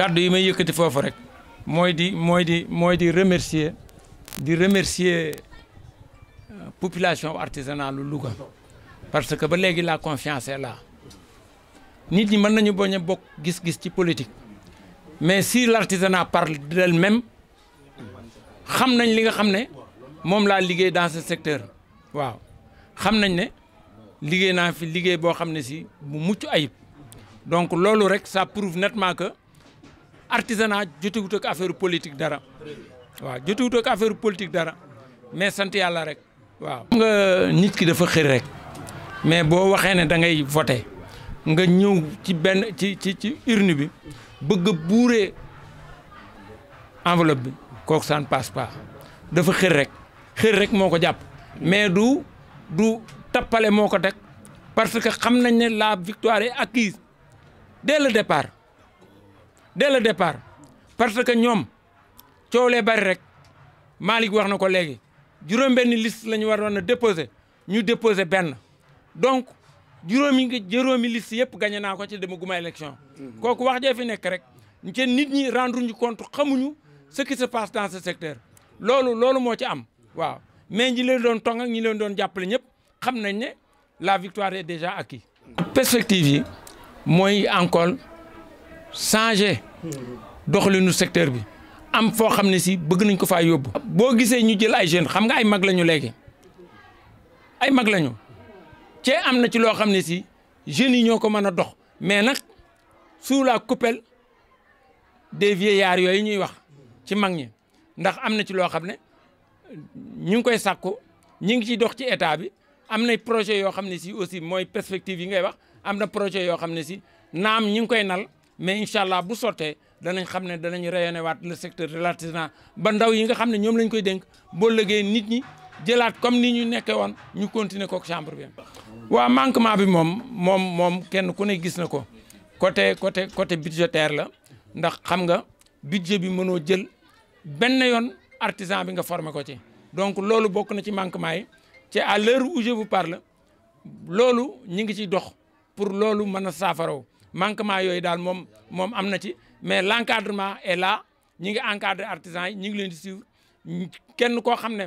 kàddu yi may yëkkati foofu rek mooy di mooy di mooy di remercier di remercier euh, population artisanale Louga parce que ba léegi la confiance est là nit ñi mën nañu bañ a bokk gis-gis ci politique mais si l'artisanat parle d'elle-même xam nañ li nga xam ne moom laa liggéey dans ce secteur waaw xam nañ ne liggéey naa fi liggéey boo xam ne si bu mucc ayib donc loolu rek ça prouve nettement que artisanat jotiwut ak affaire politique dara waaw jotiwut ak affaire politique dara mais sant yàlla rek waaw. nga nit ki dafa xër rek mais boo waxee ne da ngay voté nga ñëw ci benn ci ci ci urne bi bëgg a buuree enveloppe bi kooku ça ne dafa xër rek xër rek moo ko jàpp mais du du tappale moo ko teg parce que xam nañ ne la victoire est acquise dès le départ. dès le départ parce que nous sommes les bari rek Malik nous avons donc nous liste pour gagné gagner la ci de guma élection mhm. kooku wax rendre compte de ce qui se passe dans ce secteur am mais nous avons la victoire est déjà acquise perspective yi encore changé doxalinu secteur bi am foo xam ne si bëgg nañ ko faa yóbbu. boo gisee ñu jël ay jeunes xam nga ay mag lañu léegi ay mag lañu cee am na ci loo xam ne si jeunes yi ñoo ko mën a dox mais nag sous la coupelle des vieillards yooyu ñuy wax ci mag ñi ndax am na ci loo xam ne ñu ngi koy sàkku ñu ngi ciy dox ci état bi am nay projet yoo xam ne si aussi mooy perspective yi ngay wax am na projet yoo xam ne si naam ñu ngi koy nal. mais incha allah bu sottee danañ xam ne danañ rayonné waat le secteur de l'artisanat ba ndaw yi nga xam ne ñoom lañ koy denk boo lëggee nit ñi jëlaat comme ni ñu nekkee woon ñu continuer kook chambre bi waaw manquement bi moom moom moom kenn ku ne gis na ko côté côté côté budgétaire la ndax xam nga budget bi mënoo jël benn yoon artisan bi nga former ko ci donc loolu bokk na ci manquement yi ci à l'heure où je vous parle loolu ñi ngi ciy dox pour loolu mën a saafaraw manquement yoy dal mom mom amna ci mais l'encadrement est là ñi ngi encadrer artisans ñi ngi leen di suivre kenn ko xam ne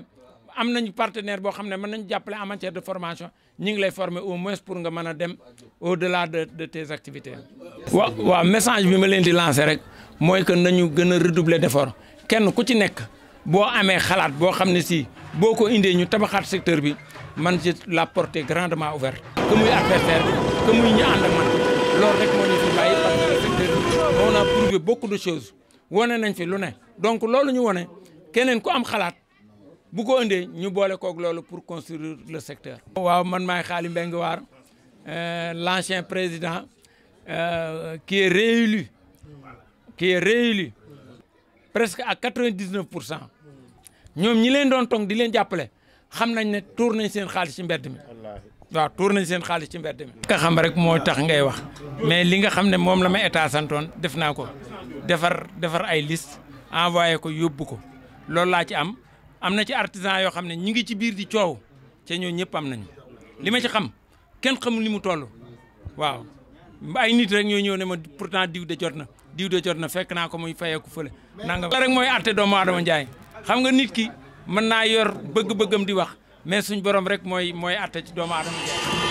am partenaire bo xam ne nañu jàppale en matière de formation ñi ngi lay former au moins pour nga mëna dem au delà de de tes activités. wa wa message bi ma leen di lancer rek moy que nañu gëna redoubler d' kenn ku ci nek bo amé xalaat bo xam si boko indé ñu tabaxat secteur bi man ci la portée grandement ouverte que muy adversaire que muy ñu ànd man loolu rek moo ñu fi secteur on a prouvé beaucoup de choses wane nañ fi lu donc loolu ñu wane keneen ku am xalaat bu ko ëndé ñu boole koog loolu pour construire le secteur. waaw man maay Khaly mbeng War euh l'ancien président euh, qui est réélu qui est réélu presque à 99 vingt pour cent ñoom ñi leen doon tong di leen jàppale xam nañ ne tour nañ seen xaalis ci mbedd mi. waaw tuur nañ seen xaalis ci mber mi. nga xam rek moo tax ngay wax mais li nga xam ne moom la ma état santoon def naa ko defar defar ay liste envoyé ko yóbbu ko loolu laa ci am am na ci artisan yoo xam ne ñu ngi ci biir di coow ca ñoo ñëpp am nañ li ma ci xam kenn xamul li mu toll waaw ay nit rek ñoo ñëw ne ma pourtant diw de jot na diw de jot na fekk naa ko muy fayeeku fële. nangam rek mooy atte doomu aadama Njaay xam nga nit ki mën naa yor bëgg bëgg am di wax. mais suñ borom rek mooy mooy àtte ci doomu aadama